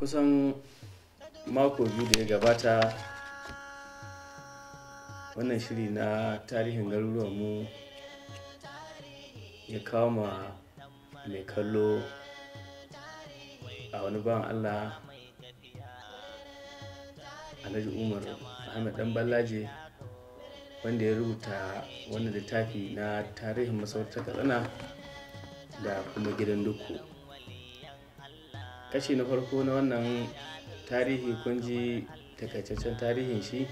kusan mako biyu da ya gabata wannan shiri na tarihin mu ya kawo ma mai kallo a wani bawan allah alhaji umar ahmed dan ballaje wanda ya rubuta wannan littafi na tarihin masarautar katsina da kuma gidan duku kashi na farko na wannan tarihi kun ji takaitaccen tarihin shi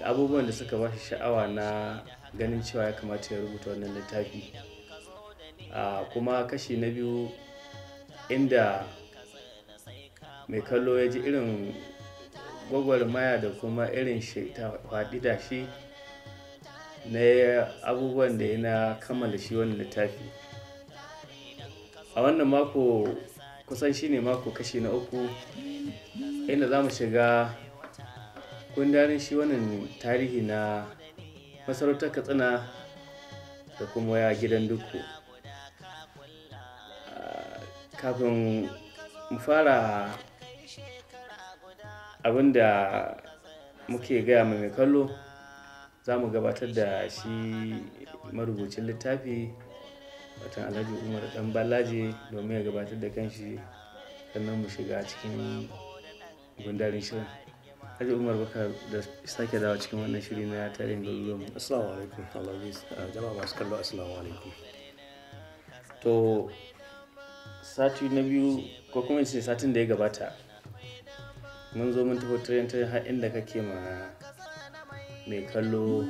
da abubuwan da suka ba shi sha'awa na ganin cewa ya kamata ya rubuta wannan littafi kuma kashi na biyu inda mai kallo ya ji irin gwagwarmaya da kuma irin faɗi da shi na abubuwan da ya na kammala shi wannan littafi a wannan mako kusan shine mako kashi na uku inda za mu shiga kundarin shi wannan tarihi na masarautar katsina da kuma ya gidan duku ah, kafin mu fara abinda muke gaya mai kallo za mu gabatar da shi marubucin littafi wata alhaji umar dan ballaje domin ya gabatar da kanshi sannan mu shiga cikin gundarin shirin alhaji Umar baka da sake dawa cikin wannan shiri na tarihin garuruwan mu. Assalamu alaikum Alhaji jama'a masu kallo assalamu alaikum. To sati na biyu ko kuma in ce satin da ya gabata mun zo mun taho tarihin tarihin har inda kake ma mai kallo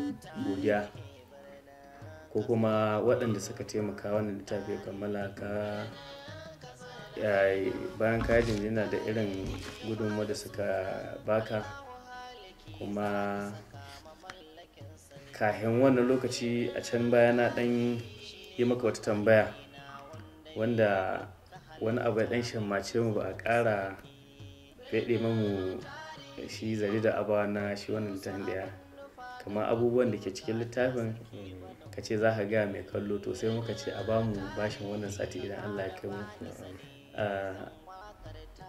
godiya ko kuma waɗanda suka taimaka wannan littafi ya kammala ka eh, bayan ka jinjina da irin gudunmu da suka baka kuma kahin wannan lokaci a can baya na ɗan yi maka wata tambaya wanda wani abu ya ɗan shammace mu ba a ƙara faɗe mamu shi zari da abawa na shi wannan littafin da ya kama abubuwan da ke cikin littafin hmm. ka ce za ka gaya mai kallo to sai muka ce a ba mu bashin wannan sati idan allah ya kai mu ah,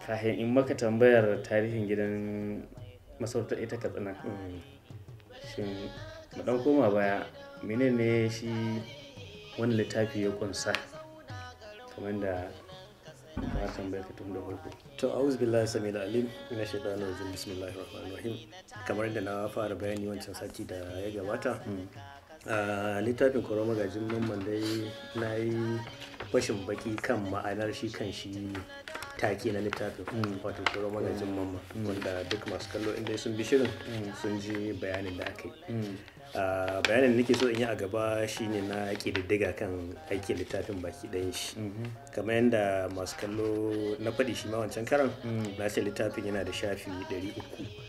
kahin in maka tambayar tarihin gidan masarautar ita katsina shin mu dan koma baya menene shi wani littafi ya kunsa kamar da ba tambayar ka tun da farko to a'udhu billahi samil alim ina shaitan rajim bismillahir rahmanir rahim kamar da na fara bayani wancan sati da ya gabata hmm. a littafin koro magajin mamman dai na yi fashin baki kan ma'anar shi kan shi take na littafin mm. wato koro magajin mamman mm. Mm. wanda duk masu kallo inda sun bi shirin sun ji bayanin da aka yi bayanin da nake so in yi a gaba shine na kididdiga kan aikin littafin baki ɗayan shi mm-hmm. kamar yadda masu kallo na faɗi shi ma wancan karan na ce littafin yana da shafi 300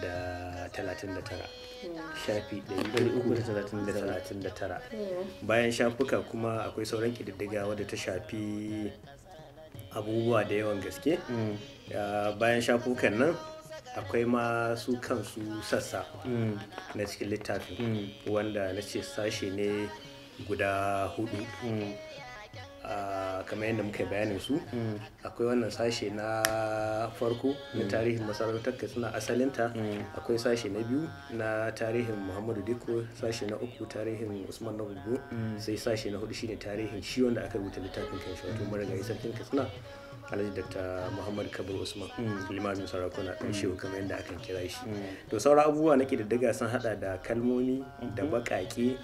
da talatin da tara mm. shafi ɗari da tara bayan shafuka kuma akwai sauran ƙididdiga wadda ta shafi abubuwa da yawan gaske mm. bayan shafukan nan akwai ma su kansu sassa mm. na cikin littafin wanda na ce sashe ne guda hudu kamar yadda muka bayanin su akwai wannan sashe na farko na tarihin masarautar katsina asalinta akwai sashe na biyu na tarihin muhammadu diko sashe na uku tarihin usman na sai sashe na hudu shine tarihin shi wanda aka rubuta littafin kan shi wato marigayi sarkin katsina alhaji ta muhammad kabir usman mm. Mm, limamin sarakuna mm. ɗan shehu kamar yadda akan kira shi to sauran abubuwa na daga sun hada da kalmomi da mm-hmm. baƙaƙe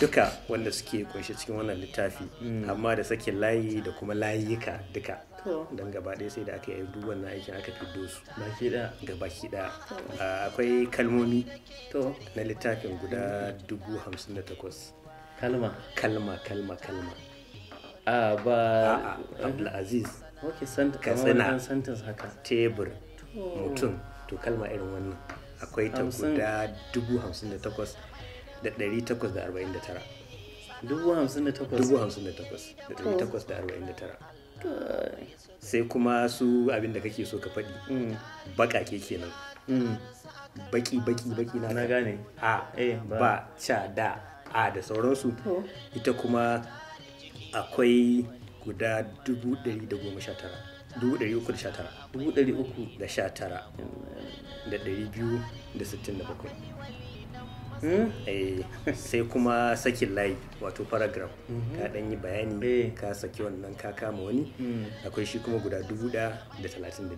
duka wanda suke kunshi cikin wannan littafi amma da sakin layi da kuma layika duka don gaba ɗaya sai da aka yi duk wannan aikin aka fiddo su Baki ɗaya akwai kalmomi na littafin guda dubu hamsin da takwas kalma kalma kalma kalma a ba abdulaziz ka tsina tebur mutum to kalma irin wannan akwai ta guda dubu hamsin da takwas da ɗari takwas da arba'in da tara dubu hamsin da takwas dubu hamsin da takwas da ɗari takwas da arba'in da tara sai kuma su abin da kake so ka faɗi ke mm. kenan mm. baki baki baki na gane a eh, ba cha da a da sauransu ita kuma akwai guda 319,267 hmm? eh, sai kuma sakin layi wato paragraph mhm. ka dan yi bayani eh. ka saki wannan ka kama wani hmm. akwai shi kuma guda 1,035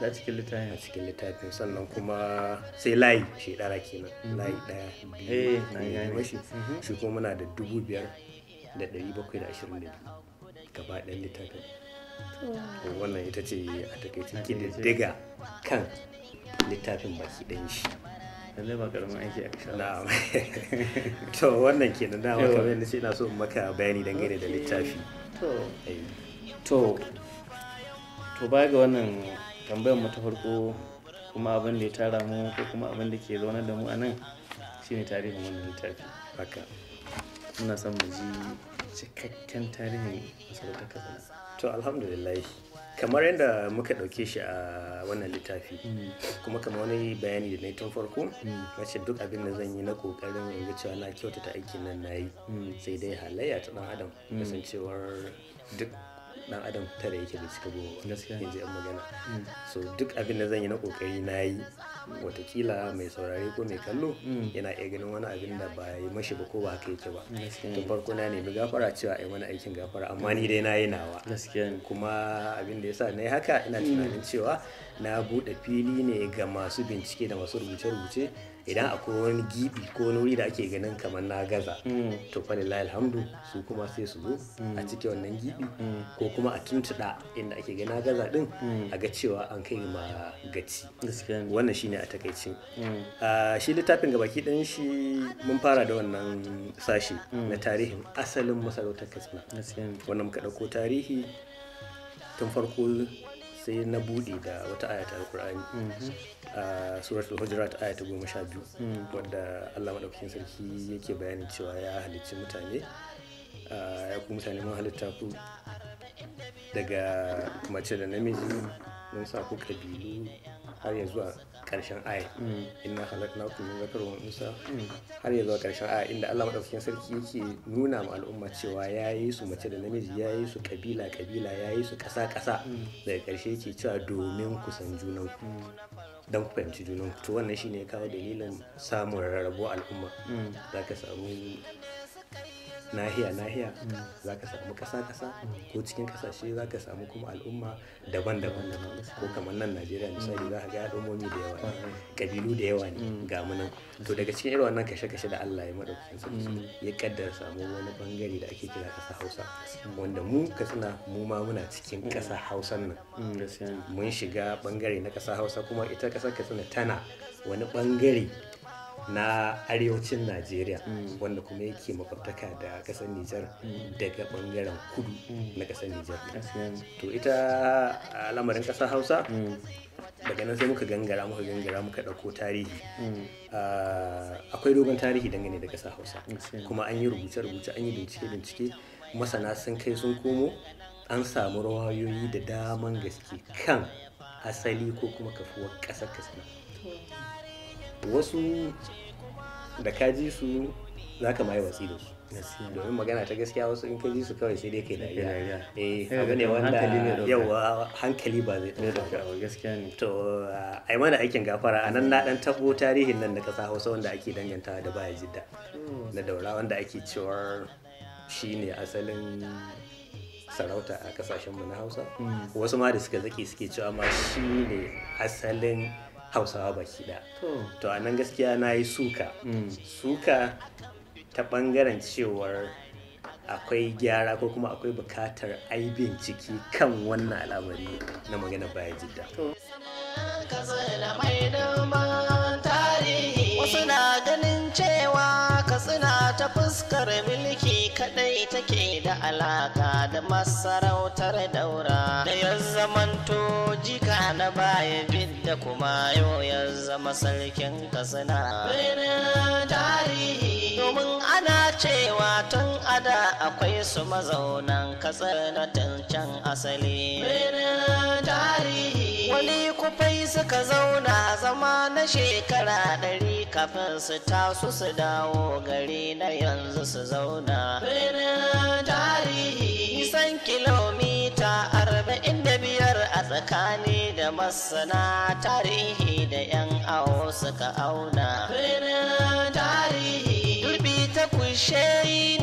da cikin littafin a cikin littafin sannan kuma sai layi shi dara kenan hmm. layi daya biyu eh, shi mhm. kuma muna da dubu biyar da ɗari bakwai da ashirin da biyu gaba ɗan littafin wannan ita ce a takaicin kididdiga kan littafin baki ɗan shi lallai ba karamin aiki a kashe na'am to wannan ke nan dama kamar yadda ina so maka bayani dangane da littafi eh. to to baya ga wannan tambayar mu ta farko kuma abin da ya tara mu ko kuma abin da ke zaune da mu a nan shine tarihin wannan littafi haka muna son mu ji cikakken tarihin masarautar katsina to alhamdulillah kamar yadda muka ɗauke shi a wannan littafi kuma kamar wani bayani da na tun farko na duk abin da zan yi na kokarin in ga cewa na kyautata aikin nan na yi mm. sai dai halayya ta ɗan adam mm. kasancewar duk dan adam tare yake da cika goma yanzu yan magana mm. so duk abin da zan yi na kokari na yi watakila mai saurari ko mai kallo mm. yana iya ganin wani abin da ba yi mashi ba ko ba haka yake ba tun farko na nemi gafara cewa ai wani aikin gafara amma ni dai na yi nawa kuma abin da ya sa na yi haka ina tunanin cewa na buɗe fili ne ga masu bincike da masu rubuce-rubuce idan akwai wani gibi ko wani wuri da ake ganin kamar na gaza mm. to fa lillahi alhamdu su kuma sai su zo a cike wannan gibi mm. ko kuma a tuntuɗa inda ake ganin gaza din mm. a ga cewa an kai ma gaci wannan shine a takaicin. shi littafin ga baki ɗin shi mun fara da wannan sashi na tarihin asalin masarautar kasna wannan muka dauko tarihi tun farko sai na buɗe da wata ayata ta alkur'ani a suratul hujurat aya ta goma sha biyu wadda allah maɗaukakin sarki yake bayanin cewa ya halicci mutane ya ku mutane mun halitta ku daga mace da namiji mun sa ku ƙabilu har ya zuwa karshen aya mm. inna khalaqnakum min dhakarin wa unsa mm. har ya zuwa karshen aya inda Allah madaukakin sarki yake nuna ma al'umma cewa yayi su mace da namiji yayi su kabila kabila yayi su kasa kasa mm. daga karshe yake cewa domin ku san junan ku ku fahimci junan to wannan shine kawo dalilin samun rarrabo al'umma Za ka samu nahiya nahiya mm. za ka samu kasa kasa ko cikin kasashe za ka samu kuma al'umma daban-daban ko kamar nan najeriya misali mm. za ka ga al'ummomi da yawa kabilu da yawa ne mm. ga munan to daga cikin irin wannan kashe-kashe da allah ya maɗaukakin sarki ya kaddara samu wani bangare da ake kira kasa hausa wanda mu ka suna mu ma muna cikin kasa hausa nan mun shiga bangare na kasa hausa kuma ita kasa ka tana wani bangare na arewacin najeriya mm. wanda kuma yake makwabtaka da kasar nijar mm. daga bangaren kudu mm. na kasar nijar to ita lamarin kasar hausa daga nan sai muka gangara muka gangara muka ɗauko tarihi ah, akwai dogon tarihi dangane da kasar hausa kuma an yi rubuce-rubuce an yi bincike-bincike masana sun kai sun komo an samu rawayoyi da daman gaske kan asali ko kuma kafuwar kasar kasar wasu da ka ji su za ka maye watsi da su domin magana ta gaskiya wasu in ka ji su kawai sai dai ke dariya eh abu ne wanda yawa hankali ba zai ɗauka gaskiya ne to ai mana aikin gafara anan na dan tabo tarihin nan da kasa Hausa wanda ake danganta da baya jidda na daura wanda ake cewar shine asalin sarauta a kasashen mu na Hausa mm. wasu ma da suka zaki suke cewa ma shine asalin hausawa baki ɗaya to a nan gaskiya na yi suka mm. suka ta ɓangaren cewar akwai gyara ko kuma akwai bukatar aibin ciki kan wannan al'amari na magana baya jidda. Wasu na ganin cewa katsina ta fuskar milki take da alaka da masarautar daura da ya zamanto jika na baya bid da kuma yau ya zama sarkin kasana tarihi domin ana cewa tun ada akwai su mazaunan kasar na can asali birnin tarihi wani kufai suka zauna zama na shekara ɗari kafin su taso su dawo gari na yanzu su zauna birnin tarihi nisan kilomita arba'in da biyar a tsakani da masana tarihi da 'yan awo suka auna birnin tarihi durbi ta kushe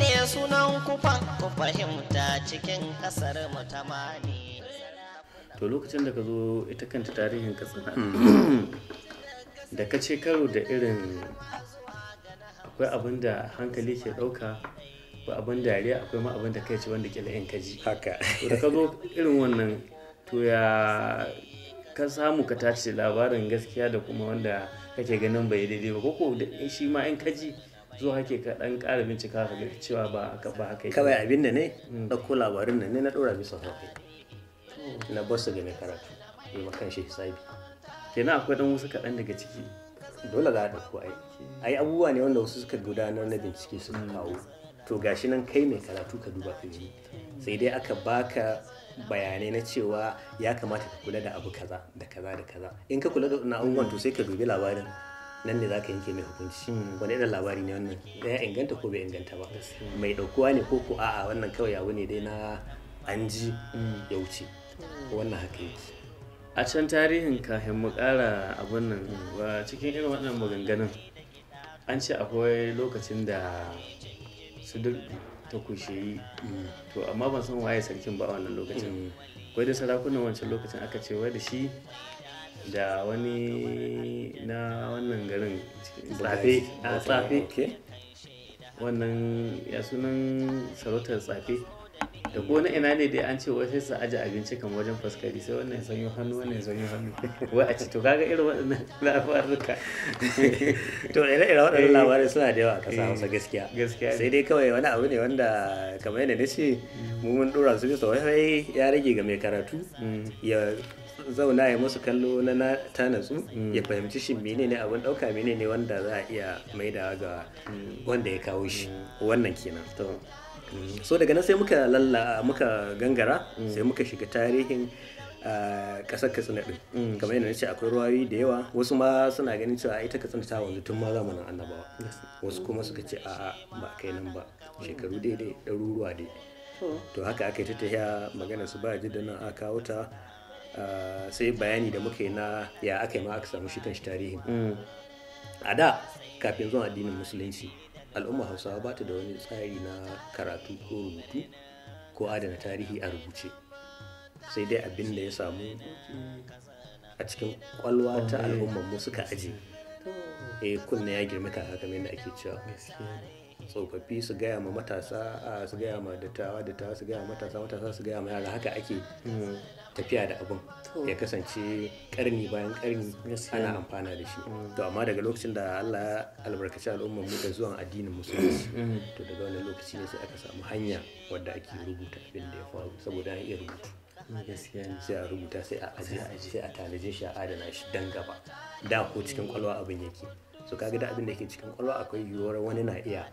ne sunan kufan ku fahimta cikin ƙasar mutamani. to lokacin da ka zo ita kanta tarihin katsina da ka ce karo da irin akwai abin da hankali ke ɗauka akwai abin dariya akwai ma abin da kai ce wanda kila in kaji haka to da ka zo irin wannan to ya ka samu ka tace labarin gaskiya da kuma wanda kake ganin bai daidai ba koko da shi ma in kaji zo hake ka dan ƙara bincika ka cewa ba haka ba haka kawai abin da ne mm. ɗauko labarin da ne na ɗora bisa hakan na basu ga mai karatu ya kan shi hisabi kenan akwai dan wasu kaɗan daga ciki dole za a ɗauko a yi abubuwa ne wanda wasu suka gudanar na bincike suka mm. kawo to gashi nan kai mai karatu ka duba ka sai dai aka baka bayanai na cewa ya kamata ka kula da abu kaza da kaza da kaza in ka kula da wannan abubuwan to sai ka dubi labarin nan ne za ka yanke mai hukunci mm. wani irin labari ne wannan ya inganta ko bai inganta ba mai ɗaukuwa ne ko ko a'a wannan kawai abu ne dai na an ji mm. ya wuce wannan haka yake a can tarihin kafin mu kara abin nan cikin irin wannan maganganun an ce akwai lokacin da su duk ta kushe mm. to amma ban san waye sarkin ba wannan lokacin mm. wai da sarakunan wancan lokacin aka ce wai da shi da wani na wannan garin tsafe a ah, tsafe wannan ya sunan sarautar tsafe da ko na ina ne dai an ce wai sai su aje abinci kan wajen faskari sai wannan zanyo hannu wannan zanyo hannu wai a ci to kaga irin waɗannan labaruka to ina-ina waɗannan eh. labarai suna da yawa a ƙasa Hausa eh, gaskiya sai dai kawai wani abu ne wanda kamar yadda nace mm. mu mun dora su bisa wai ya rage ga mai karatu mm. ya zauna ya musu kallo na ta natsu mm. ya fahimci shi ne abin dauka ne wanda za a iya maidawa ga wanda ya kawo shi wannan kenan so daga nan sai muka lalla muka gangara mm. sai muka shiga tarihin kasar ah, katsina din mm. kamar yadda ce akwai ruwayoyi da yawa wasu ma suna ganin cewa ita katsina ta wanzu tun ma zamanin annabawa wasu kuma suka ce a'a ba kai nan ba shekaru daidai ɗaruruwa dai to haka aka yi ta tafiya magana su ba da nan a kawo ta ah, sai bayani da muka yi na ya aka yi ma aka samu shi kan shi tarihin mm. a da kafin zuwa addinin musulunci al'umma hausawa ba ta da wani tsari na karatu ko rubutu ko adana tarihi a rubuce sai dai abin da ya samu a cikin kwalwa ta al'ummar mu suka aje eh kunna ya girma haka mai yadda ake cewa tsofaffi su gaya ma matasa su gaya ma dattawa dattawa su gaya ma matasa matasa su gaya ma yara haka ake mm. tafiya da abin ya kasance karni bayan karni ana amfana da shi mm. to amma daga lokacin da Allah ya albarkaci al'ummar mu da zuwan addinin musulunci mm. Mm. to daga wani lokaci ne sai aka samu hanya wadda ake rubuta abin da ya faru saboda an iya rubutu sai a rubuta sai a ajiye sai a tanaje shi a adana shi dan gaba da ko cikin kwalwa abin yake so kaga da abin da ke cikin kwalwa akwai yiwuwar wani na iya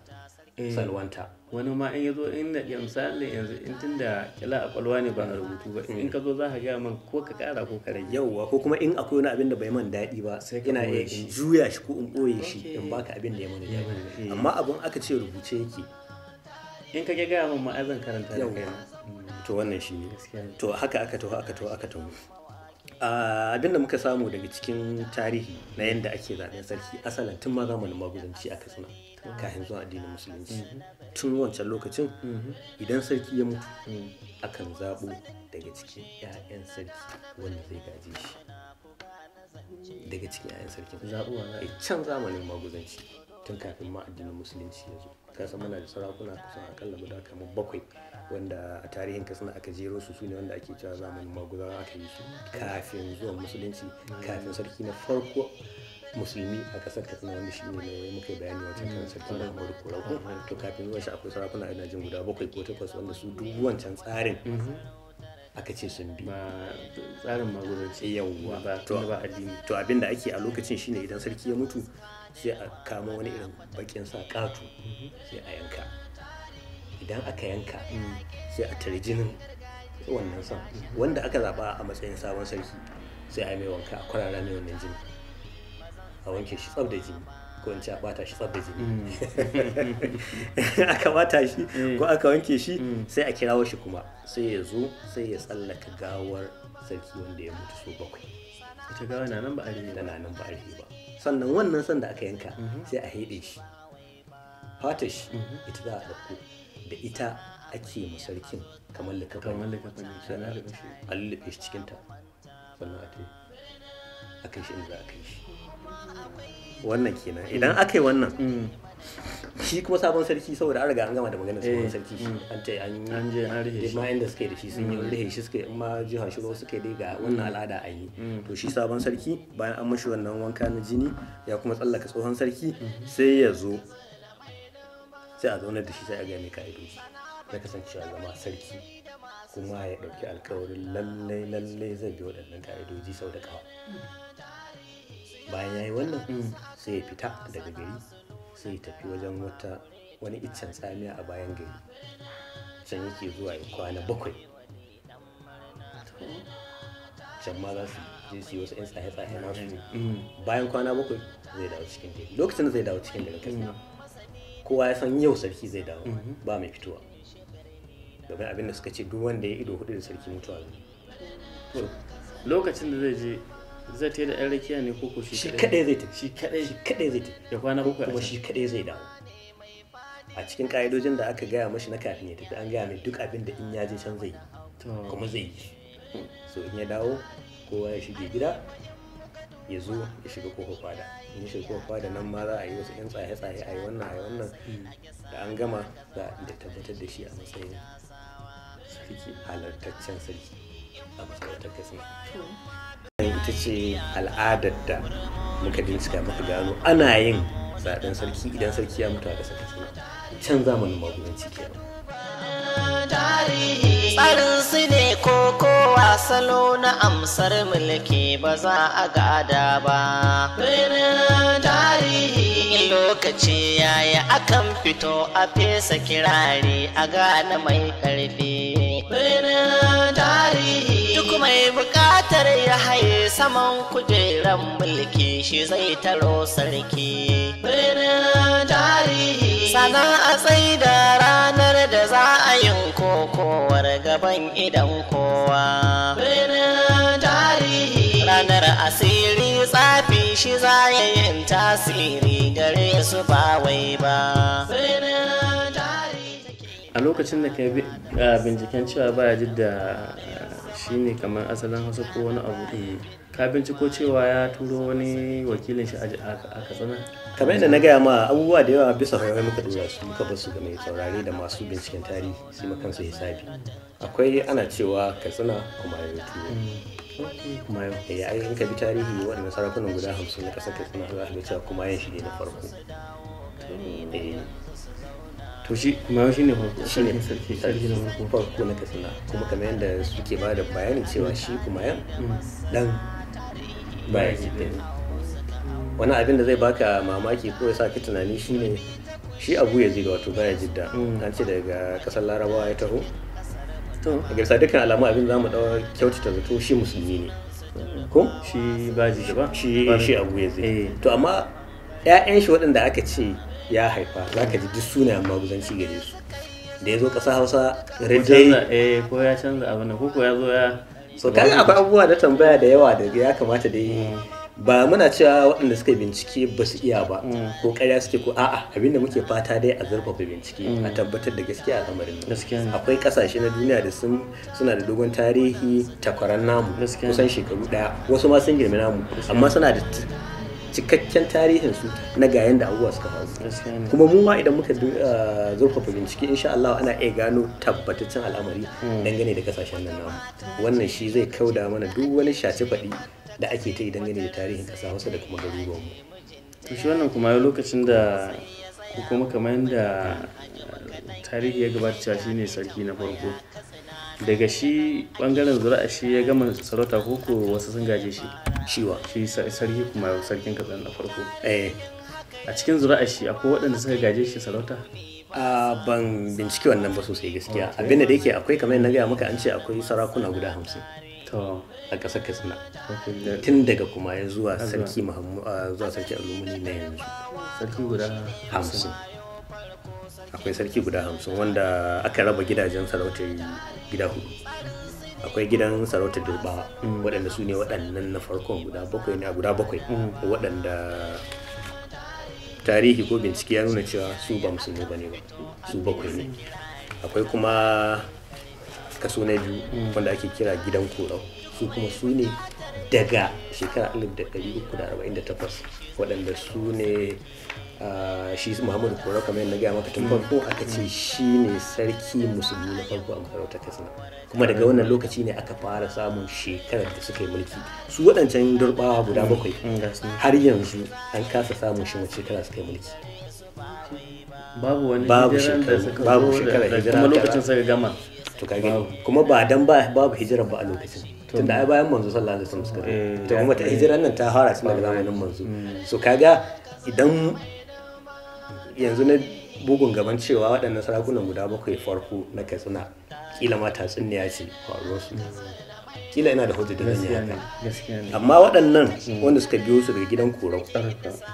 Eh. salwanta wani ma in ya zo da ya misali yanzu in tun da kila a kwalwa ne ba a rubutu ba in eh. ka zo za ka gaya man ko ka kara ko ka rage yauwa ko kuma in akwai wani abin da bai man daɗi ba sai ina iya in juya shi ko in ɓoye shi in baka abin da ya mana daɗi eh. amma abin aka ce rubuce yake in ka gaya man ma'azan karanta da kai to wannan shi ne to haka aka taho aka taho aka taho ah, abin da muka samu daga cikin tarihi na yadda ake zaɓen sarki asalin tun ma zamanin magudanci aka suna kafin zuwa addinin musulunci tun wancan lokacin mm-hmm. idan sarki ya mutu mm. akan zaɓo daga cikin 'ya'yan sarki wanda zai gaje shi daga cikin 'ya'yan sarki zaɓuwa na eh, can zamanin maguzanci tun kafin ma addinin musulunci ya zo kasan muna da sarakuna kusan akalla guda kamar bakwai wanda a tarihin kasana aka jero su su ne wanda ake cewa zamanin maguzawa aka yi su mm. kafin zuwan musulunci mm. kafin sarki na farko musulmi a kasar katsina wanda shi ne mai muka bayani wancan kan sarki ko kurauku to kafin zuwa shi akwai sarakuna a jin guda bakwai ko takwas wanda su duk wancan tsarin mm-hmm. aka ce sun bi tsarin magudanci yawwa ba addini to abin da ake a lokacin shine idan sarki ya mutu sai a kama wani irin bakin sa katu mm-hmm. sai a yanka idan aka yanka mm. sai a tare jinin wannan sa mm-hmm. wanda aka zaba a matsayin sabon sarki sai a yi mai wanka a kwarara mai wannan jini a wanke shi tsab da jini ko in ce a kwata shi tsab da jini mm. aka bata shi mm. ko aka wanke shi mm. sai a kira shi kuma sai ya zo sai ya tsallaka gawar sarki wanda ya mutu so bakwai ita gawa na nan ba a ba na nan ba a ba sannan wannan san da aka yanka mm-hmm. sai a haɗe shi Fata shi mm-hmm. ita za a ɗauko da ita ake ma sarkin kamar likafan. kamar na rubuce a lullube shi cikinta sannan a kai shi inda za a kai shi wannan kenan idan aka yi wannan mm. shi kuma sabon sarki saboda an riga an gama da magana eh, sabon sarki mm. an ce an je an rihe shi ma inda suke da shi sun yi mm. rihe shi suke in ma jiha shiro suke dai ga wannan al'ada a yi to shi sabon sarki bayan an mashi wannan wanka na jini ya kuma tsallaka tsohon sarki mm-hmm. sai ya zo sai a zaunar da shi sai a gane ka'idoji na kasancewa zama sarki kuma ya ɗauki alkawarin lallai lallai zai bi waɗannan ka'idoji sau da ƙawa bayan ya yi wannan sai ya fita daga gari sai ya tafi wajen wata wani iccen tsamiya a bayan gari can yake zuwa ya kwana bakwai can ma za su je su yi wasu 'yan tsaye-tsaye na su bayan kwana bakwai zai dawo cikin gari lokacin da zai dawo cikin gari kasa kowa ya san yau sarki zai dawo ba mai fitowa domin abin da suka ce duk wanda ya ido hudu da sarki mutuwa zai lokacin da zai je zai ta da ɗan rakiya ne ko shi shi kaɗai zai ta shi kaɗai zai ta ya kwana uku kuma shi kaɗai zai dawo a cikin ƙa'idojin da aka gaya mashi na kafin ya tafi an gaya mai duk abin da in ya je can zai yi kuma zai yi so in ya dawo kowa ya shige gida ya zo ya shiga kofar fada in ya shiga kofar fada nan ma za a yi wasu 'yan tsaye-tsaye a yi wannan a yi wannan hmm. da an gama za a da tabbatar da shi a matsayin sarki halartaccen sarki a masarautar kasina ita ce al'adar da muka bincika muka gano ana yin zaben sarki idan sarki ya mutu a sarki katsina can zamanin magudanci kenan tsarin su ne ko kowa salo na amsar mulki ba za a gada ba birnin tarihi lokaci yaya akan fito a fesa kirari a gane mai karfi birnin tarihi mai bukatar ya haye saman kujeran mulki shi zai taro sarki birnin tarihi sana'a sai da ranar da za a yin kokowar gaban idan kowa birnin tarihi ranar asiri tsafi shi za ya yin tasiri gare su ba wai ba a lokacin da ka binciken cewa ba ya shi ne kamar asalin hausa ko wani abu ka ko cewa ya turo wani wakilin shi a katsina kamar yadda na gaya ma abubuwa da yawa bisa hawaii muka dora su muka basu ga mai saurare da masu binciken tarihi su ma kansu hisabi akwai ana cewa katsina kuma ya mm. kuma ya eh, yi in bi tarihi waɗanda sarakunan guda hamsin na ƙasar katsina za a ga cewa kuma ya ne na farko eh. to shi ma shi ne shi ne sarki sarki na farko farko na katsina kuma kamar yadda suke ba da bayanin cewa shi kuma yan dan baya ne. wani abin da zai baka mamaki ko ya sa ki tunani shine shi abu ya ziga wato baya jidda mm. an ce daga kasar larabawa ya taho a gaisa dukkan alamu abin za mu dawa kyautata zato shi musulmi ne ko shi baji shi ba shi abu ya ziga eh. to amma 'ya'yan shi waɗanda aka ce ya haifa za ka ji duk sunayen maguzanci gare su da ya zo ƙasa hausa ridai eh, ko ya canza abin ko ko ya zo ya so kan akwai abubuwa na tambaya da yawa da ya kamata da yi. Mm. ba muna cewa waɗanda suka bincike ba su iya ba mm. ko ƙarya suke ko a'a abinda muke fata dai a zurfafa bincike a mm. tabbatar da gaskiya a lamarin akwai ƙasashe na duniya da sun suna da dogon tarihi takwaran namu kusan shekaru ɗaya wasu ma sun girmi namu amma suna da cikakken tarihin su na ga yanda abubuwa suka faru kuma mu ma idan muka ah, zurfafa bincike insha Allah ana iya gano tabbataccen al'amari hmm. dangane da kasashen nan namu wannan shi zai kauda mana duk wani shace faɗi da ake ta yi dangane da tarihin ƙasa wasu da kuma mu to shi wannan kuma lokacin da kuma kamar yadda ah, tarihi ya gabata shi shine sarki na farko daga shi bangaren a shi ya gama sarauta koko wasu sun gaje shi shiwa shi sarki kuma sarkin katsan na farko eh, a cikin a shi akwai waɗanda suka gaje shi sarauta a ban binciki wannan ba sosai gaskiya abin da yake akwai kamar na gaya maka an ce akwai sarakuna guda hamsin a ƙasar katsina tun daga kuma ya zuwa sarki alumuni na yanzu sarki guda hamsin akwai sarki guda hamsin wanda aka raba gidajen sarautar gida hudu akwai gidan sarautar durbawa mm. waɗanda su ne waɗannan na farkon guda bakwai ne a guda bakwai mm. waɗanda tarihi ko bincike ya nuna cewa su ba musulmi ba ne ba su bakwai ne akwai kuma kaso na biyu mm. wanda ake kira gidan korau su kuma su ne daga shekara 1348 waɗanda su ne shi muhammadu kura kamar yadda gaya maka tun farko aka ce shi ne sarki musulmi na farko a masarautar kasna kuma daga wannan lokaci ne aka fara samun shekarar da suka yi mulki su waɗancan durbawa guda mm, bakwai mm, har yanzu an kasa samun shi mace shekara suka yi mulki babu wani babu shekara babu shekara hijira kuma lokacin sai gama to ka gani kuma ba dan ba babu hijira ba a lokacin tunda ai bayan manzo sallallahu alaihi wasallam suka eh, to kuma ta hijira nan ta fara tun daga zamanin manzo mm. so kaga idan yanzu na bugun gaban cewa waɗannan sarakunan guda bakwai farko na katsina kila ma tatsuniya ce su kila ina da hujjar da zan ne. amma waɗannan mm. wanda suka biyo su daga gidan korau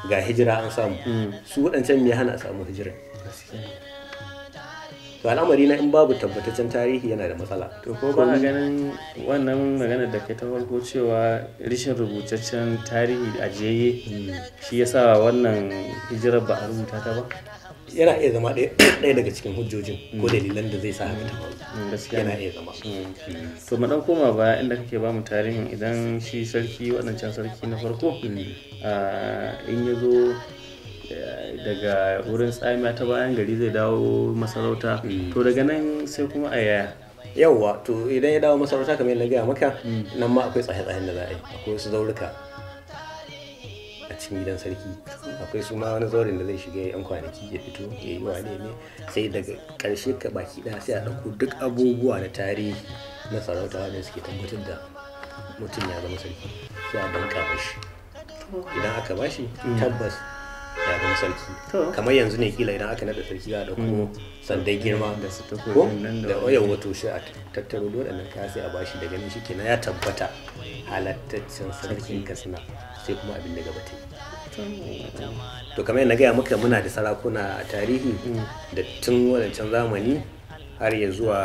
ga hijira an samu mm. su waɗancan me hana samu hijira to al'amari na in babu tabbataccen tarihi yana da matsala to ko ba ganin wannan magana da kai ta farko cewa rishin rubutaccen tarihi a jeye shi yasa wannan hijirar ba a rubuta ta ba yana iya zama ɗaya daga cikin hujjojin ko dalilan da zai sa haka ta mm, yana iya zama mm, mm. to mu dan koma baya inda kake ba mu tarihin idan shi sarki waɗancan sarki na farko ah, in ya zo daga wurin tsamiya ta bayan gari zai dawo masarauta to daga nan sai kuma a yaya yauwa to idan ya dawo masarauta kamar yadda gaya maka hmm. nan ma akwai tsaye-tsayen da za a yi akwai wasu zaurika a cikin gidan sarki akwai su ma wani zaurin da zai shiga yan kwanaki ya fito ya yi wane ne sai daga karshe ka baki ɗaya sai a ɗauko duk abubuwa na tarihi na sarauta wanda suke tabbatar da mutum ya zama sarki sai a danka mashi idan aka bashi hmm. tabbas yabon sarki kamar yanzu ne kila idan aka naɗa sarki za a ɗauko mm. girma da su ko da oyan wato shi a tattaro da kaya sai a bashi da ganin shi kenan ya tabbata halattaccen sarkin katsina sai kuma abin da gaba ta yi to kamar yadda gaya muka muna da sarakuna a tarihi mm. da tun wancan zamani har ya zuwa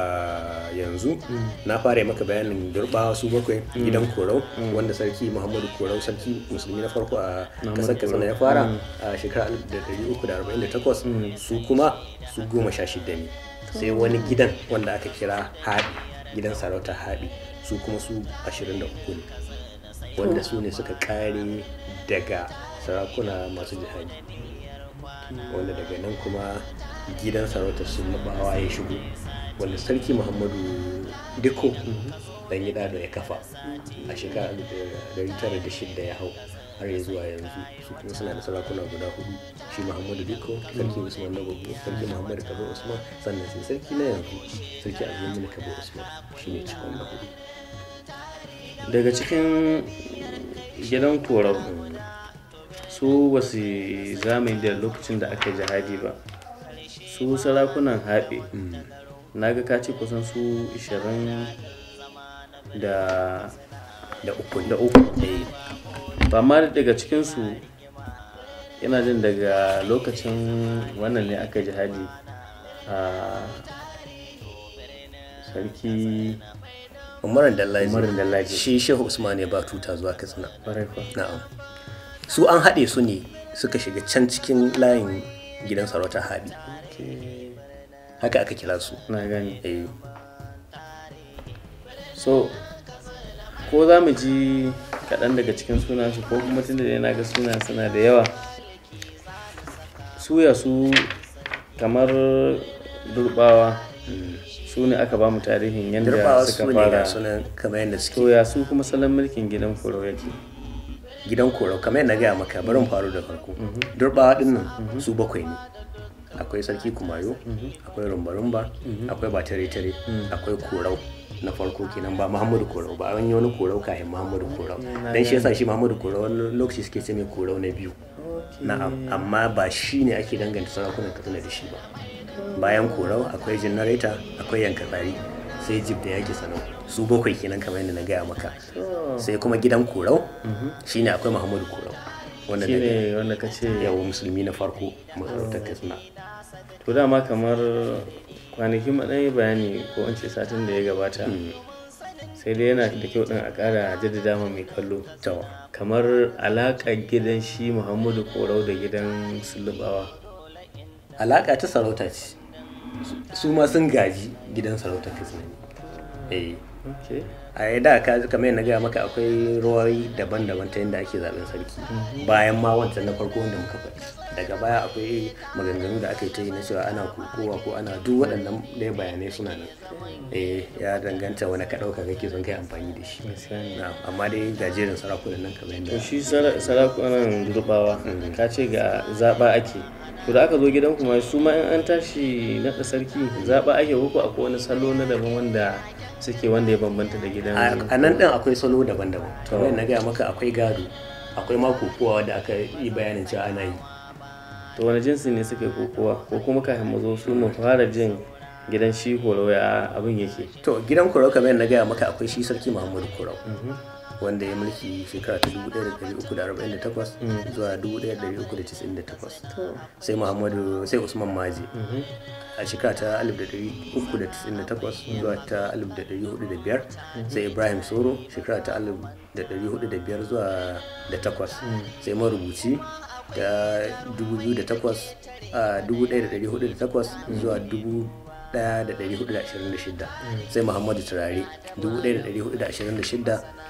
yanzu na fara maka bayanin durbawa su bakwai gidan korau wanda sarki muhammadu korau sarki musulmi na farko a kasar katsina ya fara mm. a shekarar 1348 mm. su kuma su goma sha shida ne sai wani gidan wanda aka kira haɗi gidan sarauta haɗi su kuma su 23 ne wanda su ne suka kare daga sarakuna masu jihadi wanda daga nan kuma gidan sarauta sun ya shigo wanda sarki muhammadu diko dan yi da ya kafa a shekara 1906 ya hau har yanzu zuwa yanzu su kuma suna da sarakuna guda hudu shi muhammadu diko sarki usman na gobe sarki muhammadu kabo usman sannan sai sarki na yanzu sarki abdulmini kabo usman shi ne cikin na hudu daga cikin gidan korar su wasu zamani da lokacin da aka jihadi ba su sarakunan haɓe na ga ka ce kusan su 20 da da uku da uku ba eh. ma daga cikinsu yana jin daga lokacin wannan ne aka jihadi a sarki umar dallaji shi shehu usman ya ba tuta zuwa katsina na'am su an haɗe su ne suka shiga can cikin layin gidan sarauta haɗi haka aka kira su na gani eh so ko za mu ji kaɗan daga cikin sunansu ko kuma tun da na ga sunan suna da yawa suya su kamar durbawa su ne aka ba mu tarihin yadda suka fara kamar yadda suke soya su kuma salon mulkin gidan koro yake gidan koro kamar yadda gaya maka barin faru da farko mhm. durbawa dinnan mhm. su bakwai ne akwai sarki kumayo mhm. akwai rumba-rumba mhm. akwai ba tare-tare mhm. akwai korau na farko kenan ba muhammadu korau ba an yi wani korau kafin muhammadu mm, korau dan shi yasa shi muhammadu korau wani lokaci suke ce mai korau na biyu na'am amma ba shi ne ake danganta sarakunan katsina da shi ba bayan korau akwai janareta akwai yankabari, sai jib da yaki sanau su bakwai kenan kamar yadda na gaya maka oh. sai kuma gidan korau shine akwai muhammadu korau wanda ne wanda ka ce yawo musulmi na farko masarautar katsina to dama kamar kwanaki maɗan bayani ko an ce satin da ya gabata hmm. sai dai yana da kyau din a ƙara jaddada ma mai kallo kamar alaƙa gidan shi muhammadu korau da gidan sulubawa alaƙa ta sarauta ce su ma sun gaji gidan sarauta katsina ne eh. a da ka kamar na gaya maka akwai ruwayi daban-daban ta yadda ake zaben sarki mhm. bayan ma wancan na farko wanda muka faɗi daga baya akwai maganganu da aka yi ta yi na cewa ana kokowa ko ana duk waɗannan ɗaya bayanai suna nan eh ya danganta wani ka ɗauka kake son kai amfani da shi amma dai gajeren sarakunan nan kamar yadda shi sarakunan durbawa mm. ka ce ga zaɓa ake to da aka zo gidan kuma su ma in an tashi na sarki zaɓa ake ko akwai wani salo na daban wanda suke wanda ya bambanta da gidan a nan din akwai salo daban-daban kamar na gaya maka akwai gado akwai ma kokowa da aka yi bayanin cewa ana yi to wani jinsi ne suke kokowa ko kuma kafin mu zo su mu fara jin gidan shi horo ya abin yake to gidan korau kamar na gaya maka akwai shi sarki muhammadu korau mm-hmm. wanda ya mulki shekara ta 1348 zuwa 1398 sai muhammadu sai usman maji mhm. a shekara ta 1398 zuwa ta 1405 mhm. sai ibrahim soro shekara ta 1405 zuwa da takwas mhm. sai marubuci ta 1408 zuwa 1426 sai muhammadu turare 1426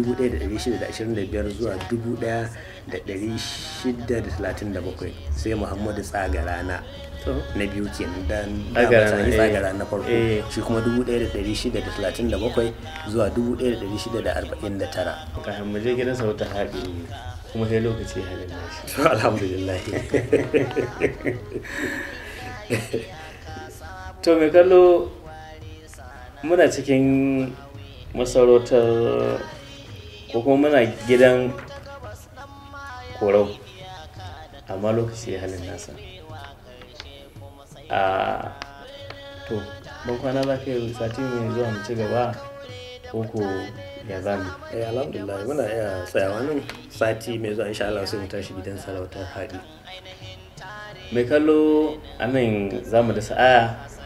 1625 zuwa 1637 sai muhammadu tsagarana na biyu kenan da mutane tsagara na farko eh. shi kuma 1637 zuwa 1649 kayan mu je gidan sauta haɗi kuma sai lokaci halin nashi to alhamdulillah to mai kallo muna cikin masarautar ko kuma muna gidan korau amma lokaci ya halin nasa a ah, to ban kwana za ka yi sati mai zuwa mu ci gaba ko ko ya zamu eh alhamdulillah muna iya tsayawa nan sati mai zuwa insha Allah sai mu tashi gidan sarautar hadi mai kallo amin zamu da sa'aya.